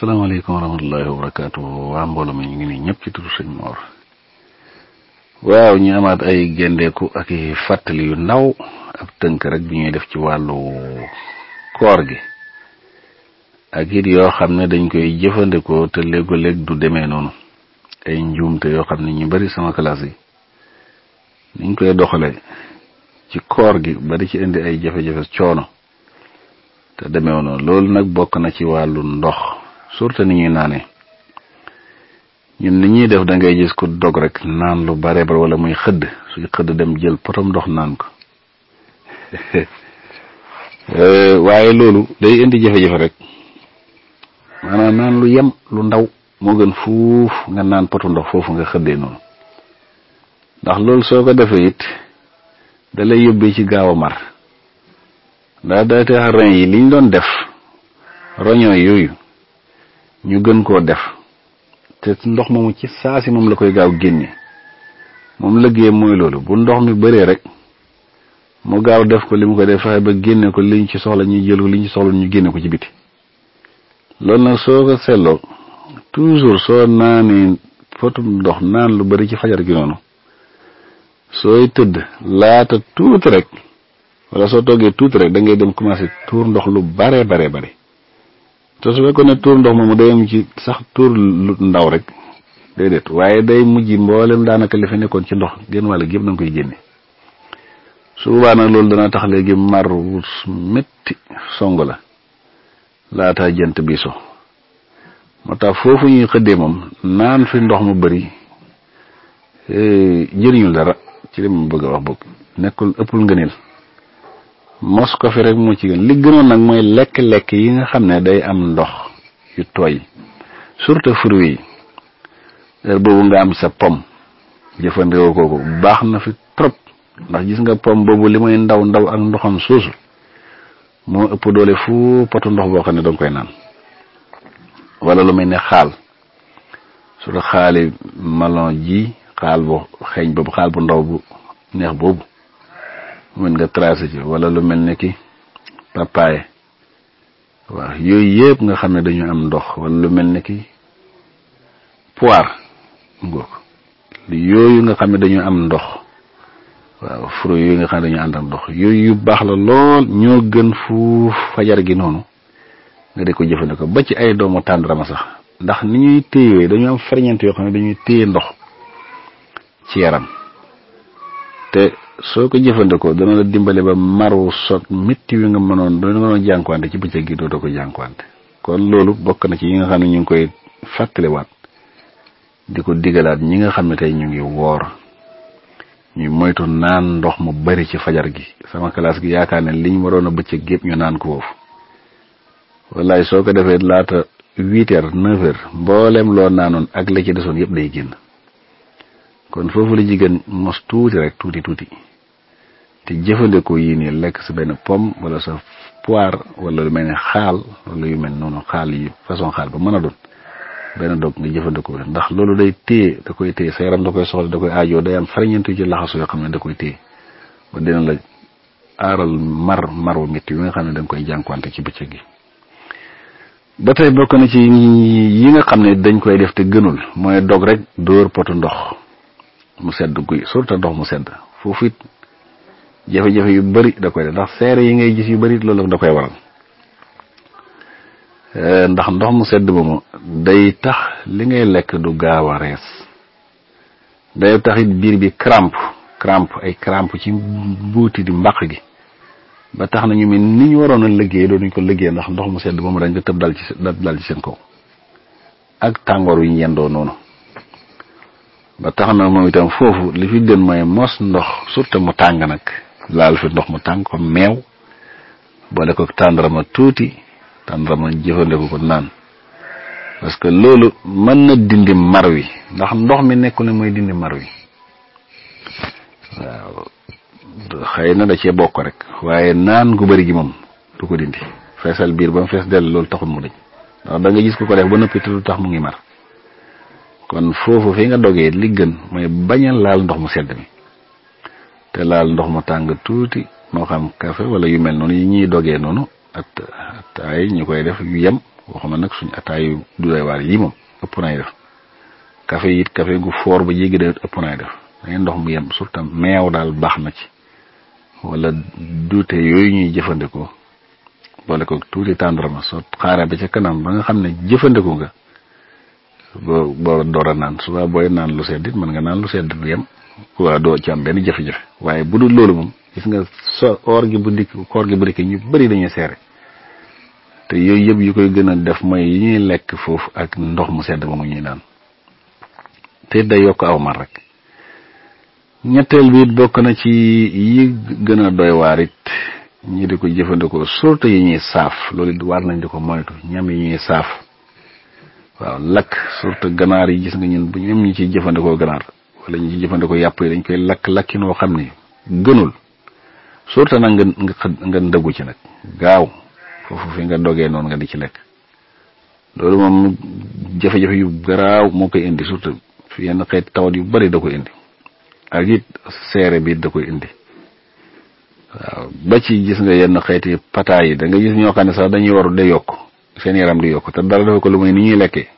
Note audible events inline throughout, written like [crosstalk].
salaamaaleykum wa waa mbooloo mi ñu ngi nii ñëpp ci turu sëñ Mor waaw ñu amaat ay gendeeku ak i fàttali yu ndaw ab tënk rek bi ñuy def ci wàllu koor gi ak it yoo xam ne dañ koy jëfandikoo te léego-léeg du demee noonu ay njuumte yoo xam ne ñu bari sama classe yi niñ koy doxale ci koor gi bari ci indi ay jafe-jafe coono te demeew noonu loolu nag bokk na ci wàllu ndox surtout ni ñuy naanee ñun ni ñuy def dangay ngay gis ku dog rek naan lu bare bare wala muy xëdd suy xëdd dem jël potom ndox naan ko [laughs] eh, waaye loolu day indi jafe-jafe rek maanaa naan lu yem lu ndaw moo gën fuuf nga naan potu ndox foofu nga xëddee noonu ndax loolu soo ko defee it da lay yóbbee ci gaaw a mar ndax daa tax rein yi liñ doon def roñoo yooyu ñu gën koo def te ndox moomu ci saasi moom la koy gaaw génne moom lëggee mooy loolu bu ndox mi bëree rek mu gaaw def ko li mu ko def fexe ba génne ko liñ ci soxla ñuy jël ko liñ ci soxla ñu génne ko ci biti loolu nag soo ko seetloo toujours soo naanee fotum ndox naan lu bari ci fajar gi noonu sooy tëdd laata tuuti rek wala soo toggee tuuti rek da ngay dem commencé tuur ndox lu bare bare bare te su fekkoon ne tuur ndox moomu day am ci sax tuur ndaw rek déedéet waaye day mujj mboolem daanaka li fi nekkoon ci ndox génn wàll gépp da nga koy génne su boobaa nag loolu dana tax léegi mar wu métti song la laata jant bi so moo tax foofu ñuy xëddee moom naan fi ndox mu bari eh, jëriñul dara ci li ma bëgg a wax bokk nekkul ëppul ngëneel mos ko fi rek moo ci gën li nag mooy lekk-lekk yi nga xam ne day am ndox yu tooy surtout fruits yi heure boobu nga am sa pomme jëfandikoo kooku baax na fi trop ndax gis nga pomme boobu li may ndaw ndaw ak ndoxam suusu moo ëpp doole fu potu ndox boo xam ne danga koy naan wala lu mel ne xaal surtout xaali melon ji xaal bu xeeñ boobu xaal bu ndaw bu neex boobu mën nga tracé ci wala lu mel ne ki papaye waaw yooyu yépp nga xam ne dañu am ndox wala lu mel ne ki poire ngoog yooyu nga xam ne dañu am ndox waaw fruit yooyu nga xam ne dañu ànd ndox yooyu yu baax la lool ñoo gën fuuf fajar gi noonu nga di ko jëfandikoo ba ci ay doomu tàndarama sax ndax ni ñuy téye dañu am ferñeent yoo xam ne dañuy téye ndox ci yaram te soo ko jëfandikoo dana la dimbale ba maru sot métti wi nga mënoon dana mënoon jànkuwante ci bëccëg gi dootoo ko jànkuwante kon loolu bokk na ci yi nga xam ne ñu ngi koy fàttaliwaat di ko digalaat ñi nga xam ne tey ñu ngi woor ñu moytu naan ndox mu bari ci fajar gi sama classe gi yaakaar ne liñ waroon a bëccëg gépp ñu naan ko foofu wallaay soo ko defee laata huit heures neuf heures mboolem loo naanoon ak la ci desoon yëpp lay génn kon foofu la jigéen mos tuuti rek tuuti tuuti te jëfandikoo yi nii lekk sa benn pomme wala sa poire wala lu hal. xaal wala yu mel noonu xaal yi façon xaal ba mën a doon benn dog nga jëfandikoo ndax loolu day téye da koy téye sa yaram da koy soxla da koy aajoo day am farñeent ci laxasu yoo xam da koy téye ba dina la aaral mar maru métti yi nga xam ne da nga koy jànkuwante ci bëccëg gi ba tey bokk na ci yi nga xam ne dañ koy def te gënul mooy dog rek dóor potu ndox mu sedd guy surtout ndox mu sedd jafe-jafe yu bari da koy ndax seere yi ngay gis yu bari loolu da koy waral eh, ndax ndox mu sedd moomu day tax li ngay lek du gawa res day tax it bir bi cramp cramp ay cramp ci bouti di mbakh gi ba tax na ñu mel ni ñu waro na liggé do ñu ko liggé ndax ndox mu sedd moomu dañ ko teb dal ci dal ci sen ko ak tàngoor yu yendoo noonu ba tax na moom itam fofu li fi den mooy mos ndox surtout mu tang nak laal fi ndox mu tàng comme meew boole ko tàndarama tuuti tàndarama jëfandiku ko naan parce que loolu mën na dindi mar wi ndax ndox mi nekku ne mooy dindi mar wi waaw xëy na da cee bokk rek waaye naan gu bëri gi moom du ko dindi feesal biir ba mu fees dell loolu taxul mu dañ ndax da nga gis ko ko def ba tax mu ngi mar kon foofu fi nga dogee li gën mooy bañal laal ndox mu sedd mi te laal ndox mu tàng tuuti moo xam café wala yu mel noonu yi ñuy dogee noonu at ataay ñu koy def yu yem waxuma nag suñ ataay yu day waar yi moom ëpp nay def café it café gu foor ba jéggi dayot ëpp nay def dangay ndox mu yem surtout meew daal baax na ci wala duute yooyu ñuy jëfandikoo boole ko tuuti tàndarma soo xaaree ba ca kanam ba nga xam ne jëfandikoo nga boo boo door a naan suba booy naan lu sedd mën nga naan lu sedd du yem waaw doo ci am benn jafe-jafe waaye bu du loolu moom gis nga so or gi bu dikk koor gi bu ñu bëri dañuy seere te yooyu yëpp yu koy gën a def mooy yi ñuy lekk foofu ak ndox mu sedd moomu ñuy naan te day yokk aw mar rek ñetteel bi it bokk na ci yi gën a doy waar it ñi di ko jëfandikoo surtout yi ñuy saaf loolu di war nañ di ko moytu ñam yi ñuy saaf waaw lakk surtout ganaar yi gis nga ñun bu ñoom ñi ciy jëfandikoo ganaar wala ñi ciy jëfandikoo yàpp yi dañ koy lakk lakki noo xam ne gënul surtout nag nga nga ndëggu ci nag gaaw foofu fi nga dogee noonu nga di ci lekk loolu moom jafe-jafe yu garaaw moo koy indi surtout fi yenn xeet tawat yu bari da koy indi ak it seere bi da koy indi waaw ba ci gis nga yenn xeeti pataay yi da nga gis ñoo xam ne sax dañuy waru de yokk seen yaram di yokk te dara dafa ko lu mooy ni ñuy lekkee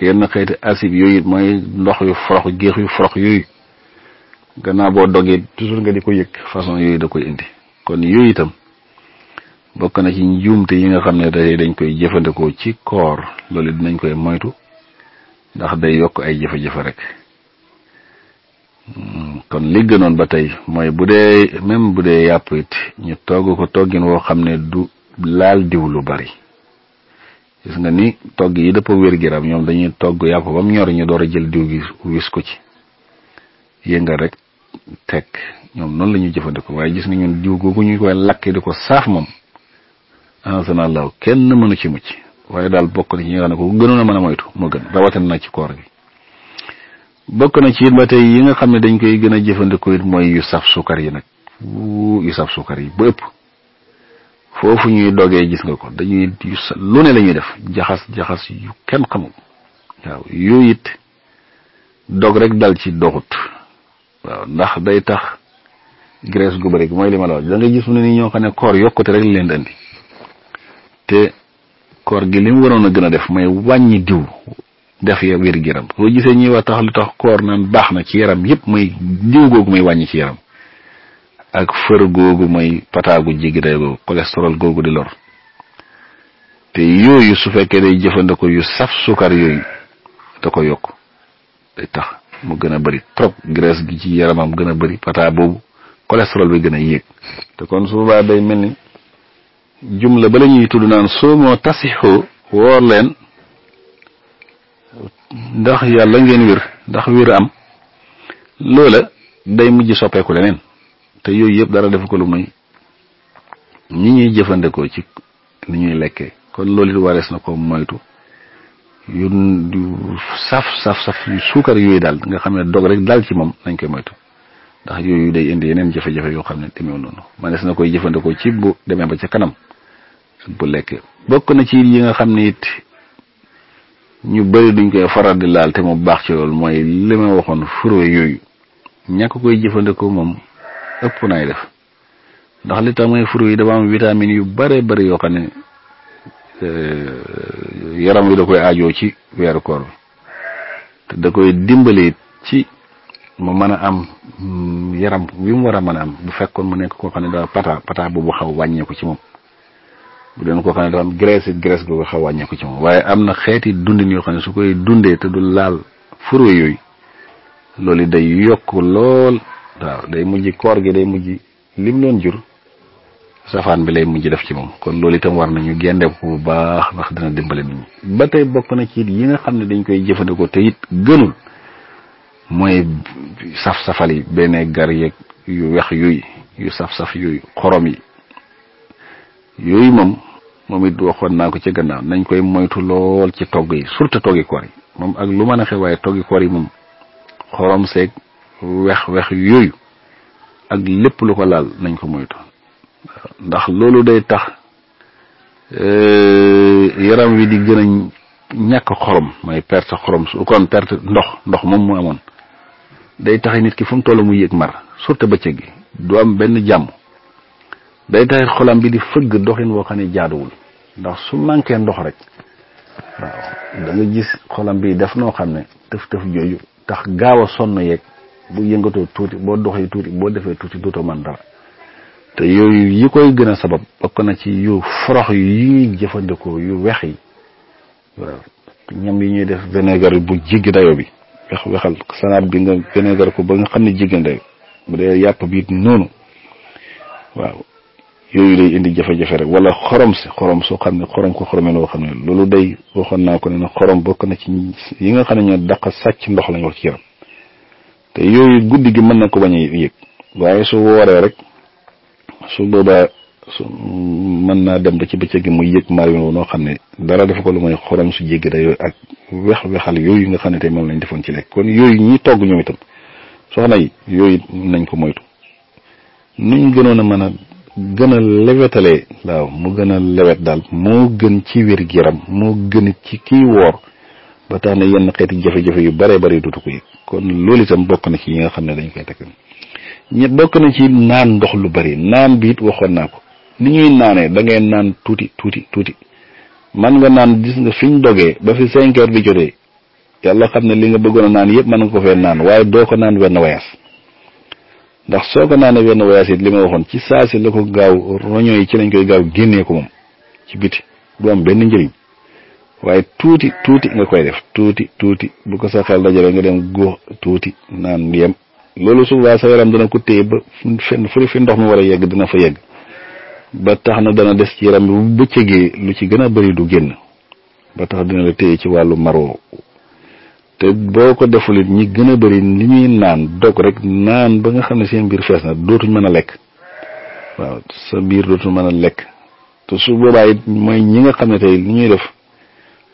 yenn xeeti acide yooyu mooy ndox yu forox géex yu forox yooyu gannaaw boo dogee toujours nga di ko yëg façon yooyu da koy indi kon yooyu itam bokk na ci njuumte yi nga xam ne day dañ koy jëfandikoo ci koor loolu dinañ koy moytu ndax day yokk ay jafe-jafe rek hmm, kon li gënoon ba tey mooy bu dee même bu dee yàpp it ñu togg ko toggin woo xam ne du laal diw lu bari gis nga ni togg yi dëpp wér-gi-yaram ñoom dañu togg yàpp bam ñor ñu door a jël diw gi wis ko ci yëngal rek teg ñoom noonu lañu ñuy jëfandikoo waaye gis ni ñun diw googu ñu koy lakk di ko saaf moom anasana allah kenn mënu ci mucc waaye daal bokk na ci ñi nga xam ne ko gënoon a mën a moytu moo gën rawatina na ci koor gi bokk na ci it nga xam ne dañ koy gën a jëfandikoo it mooy yu saf suukar yi nag yu saf suukar yi bu ëpp fofu ñuy dogee gis nga ko dañuy lu ne lañuy def jaxas jaxas yu kenn xamul waaw yooyu it dog rek dal ci doxut waaw ndax day tax graisse gu bari moy li la wax da nga gis mu ni ñoo xane koor yokkute rek leen andi te koor gi lim waroon gëna def mooy wàññi diw def ya wér giram bo gisee ñi wa tax lu tax koor naan baax na ci yaram yépp muy diw googu muy wàññi ci yaram ak fër googu mooy pataagu jigi day googu cholestérol googu di lor te yooyu su fekkee day jëfandikoo yu saf sukar yooyu da ko yokk day tax mu gën a bëri trop graisse gi ci yaramam gën a bëri pataa boobu cholestérol bi gën a yéeg te kon su boobaa day mel ni jumla ba la ñuy tudd naan soo moo woor leen ndax yàlla ngeen wér ndax wér am loola day mujj soppeeku leneen te yooyu yëpp dara def ko lu may ñi ñuy jëfandikoo ci ni ñuy lekkee kon loolu it warees na ko moytu yu saf saf saf yu suukar yooyu daal nga xam ne dog rek daal ci moom nañ koy moytu ndax yooyu day indi yeneen jafe-jafe yoo xam ne demeewul noonu manees na koy jëfandikoo ci bu demee ba ci kanam bu lekkee bokk na ci yi nga xam ne it ñu bëri duñ koy faral di laal te mu baax ci loolu mooy li ma waxoon fure yooyu ñàkk koy jëfandikoo moom. ëpp nay def ndax li tax mooy fruit yi dafa am vitamine yu bare bëri yoo xam ne euh, yaram wi da koy ajoo ci weeru koor te da koy dimbali ci mu mën a am mm, yaram wi mu war a mën a am bu fekkoon mu nekk koo xam ne dafa pata pata boobu wàññeeku ci moom bu doon koo xam ne dafa am graisse graisse xaw wàññeeku ci moom waaye am na xeeti dundin yoo xam ne su koy dundee te du laal fruit yooyu loolu day yokk lool waaw day mujj koor gi day mujj lim loon jur safaan bi lay mujj def ci moom kon loolu itam war nañu génne ko bu baax ndax dina dimbale nit ba tey bokk na ci yi nga xam ne dañ koy jëfandikoo te it gënul mooy saf-safal yi benn gar yeeg yu wex yooyu yu saf-saf yooyu xorom yi yooyu moom moom it waxoon naa ko ci gannaaw nañ koy moytu lool ci togg yi surtout toggi koor yi moom ak lu mën a xew waaye toggi koor yi moom xorom seeg wex-wex yooyu ak lépp lu ko laal nañ ko moytu ndax loolu day tax eh, yaram wi di gën a ñàkk xorom mooy perte xorom su kon perte ndox ndox moom mu amoon day tax nit ki fu mu toll mu yëg mar surtout bëccëg gi du am benn jàmm day tax xolam bi di fëgg doxin woo xam ne jaaduwul ndax su manqué ndox rek waaw da gis xolam bi def noo xam ne tëf-tëf jooju tax gaaw a sonn yeeg bu yëngatoo tuuti boo doxee tuuti boo defee tuuti dootoo man dara te yooyu yi koy gën a sabab bokk na ci yu forox yi ñuy jëfandikoo yu wex yi waaw ñam yi ñuy def vinaigre bu jiggi dayo bi wex wexal sanaat bi nga vinaigre ko ba nga xam ne jiggi dayo bu dee yàpp bi it noonu waaw yooyu day indi jafe-jafe rek wala xorom si xorom soo xam ne xorom ko xoromee loo xam ne loolu day waxoon naa ko ne ne xorom bokk na ci yi nga xam ne ñoo daq sàcc ndox lañ wax ci yaram te yooyu guddi gi mën na ko bañ a yëg waaye su wooree rek su boobaa su mën naa dem ba ci bëccëg gi muy yëg mario noo xam ne dara dafa ko lu may xorom su jéggi dayoo ak wex wexal yooyu nga xam ne tey moom lañ defoon ci lekk kon yooyu ñu togg ñoom itam soxna yi yooyu nañ ko moytu nuñ gënoon a mën a gën a lewetalee waaw mu gën a lewet daal moo gën ci wér-gi-yaram moo gën ci kii woor ba tax na yenn xeeti jafe-jafe yu bare bare dutu ko yëg kon loolu itam bokk na ci yi nga xam ne dañu koy takk ñi bokk na ci naan ndox lu bari naan bi waxoon naa ko ni ñuy naanee da ngay naan tuuti tuuti tuuti man nga naan gis nga fiñ dogee ba fi cinq heures bi jotee yàlla xam ne li nga bëggoon a naan yëpp mën nga ko fee naan waaye doo ko naan wenn wayaas ndax soo ko naanee wenn wayaas it li ma waxoon ci saa si la ko gaaw roño yi ci lañ koy gaaw génnee ko ci biti du am benn njëriñ waaye tuuti tuuti nga koy def tuuti tuuti bu ko sa xel dajale nga dem góox tuuti naan yem loolu souvent sa yaram dana ko téye ba fenn fu fi ndox mi war a yegg dina fa yegg ba tax na dana des ci yaram bi bu lu ci gën a bëri du génn ba tax dina la téye ci wàllu maroo te boo ko defulit ñi gën a bëri li ñuy naan dog rek naan ba nga xam ne seen biir fees na dootuñ mën a lekk waaw sa biir dootuñ mën a lekk te su boobaa it mooy ñi nga xam ne tey li ñuy def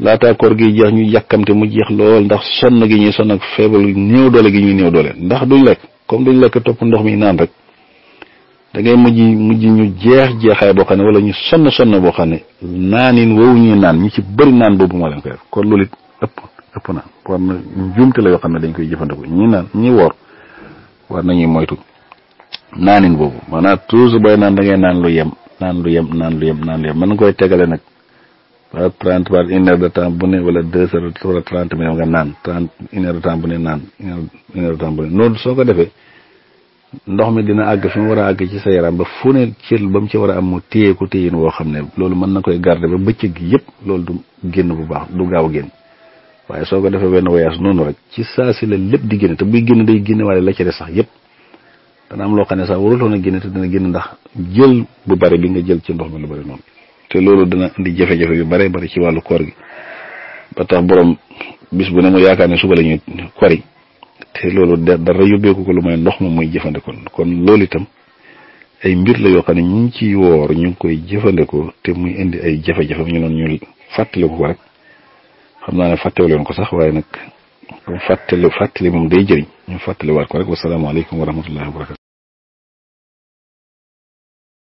laataa koor gi jeex ñu yàkkamte mu jeex lool ndax sonn gi ñuy sonn ak feebal néew doole gi ñuy néew doole ndax duñ lekk comme duñ lekk topp ndox mi naan rek da ngay mujj mujj ñu jeex jeexaay boo xam ne wala ñu sonn sonn boo xam ne naanin woowu ñuy naan ñu ci bëri naan boobu moo leen koy def kon loolu it ëpp na war na njuumte la yoo xam ne dañ koy jëfandikoo ñi naan ñi woor war nañuy moytu naanin boobu maanaam toujours booy naan da ngay naan lu yem naan lu yem naan lu yem naan lu mën nga koy tegale nag waaw trente par une heure de temps bu ne wala deux heures trente minutes nga naan trente une heure de temps bu ne naan une heure de temps bu ne noonu soo ko defee ndox mi dina àgg fi mu war a àgg ci sa yaram ba fu ne cër ba mu ci war a am mu téye ko téyin woo xam ne loolu mën na koy garder ba bëccëg gi yëpp loolu du génn bu baax du gaaw génn waaye soo ko defee wenn voyage noonu rek ci saa si la lépp di génn te buy génn day génn waaye la cere sax yëpp dana am loo xam ne sax waruloon a génn te dina génn ndax jël bu bari bi nga jël ci ndox mi lu bari noonu te loolu dana indi jafe-jafe yu bare bari ci wàllu koor gi ba tax borom bis bu ne mu yaakaar ne suba lañuy kori te loolu dara yóbbeeku ko lu may ndox ma muy jëfandikoo kon loolu itam ay mbir la yoo xam ne ñu ngi ciy woor ñu ngi koy jëfandikoo te muy indi ay jafe-jafe ñu noon ñu fàttaliku ko rek xam naa ne fàttewuleen ko sax waaye nag fàttali fàttali moom day jëriñ ñu fàttaliwaat ko rek wasalaamaaleykum wa rahmatullahi wa barakatuh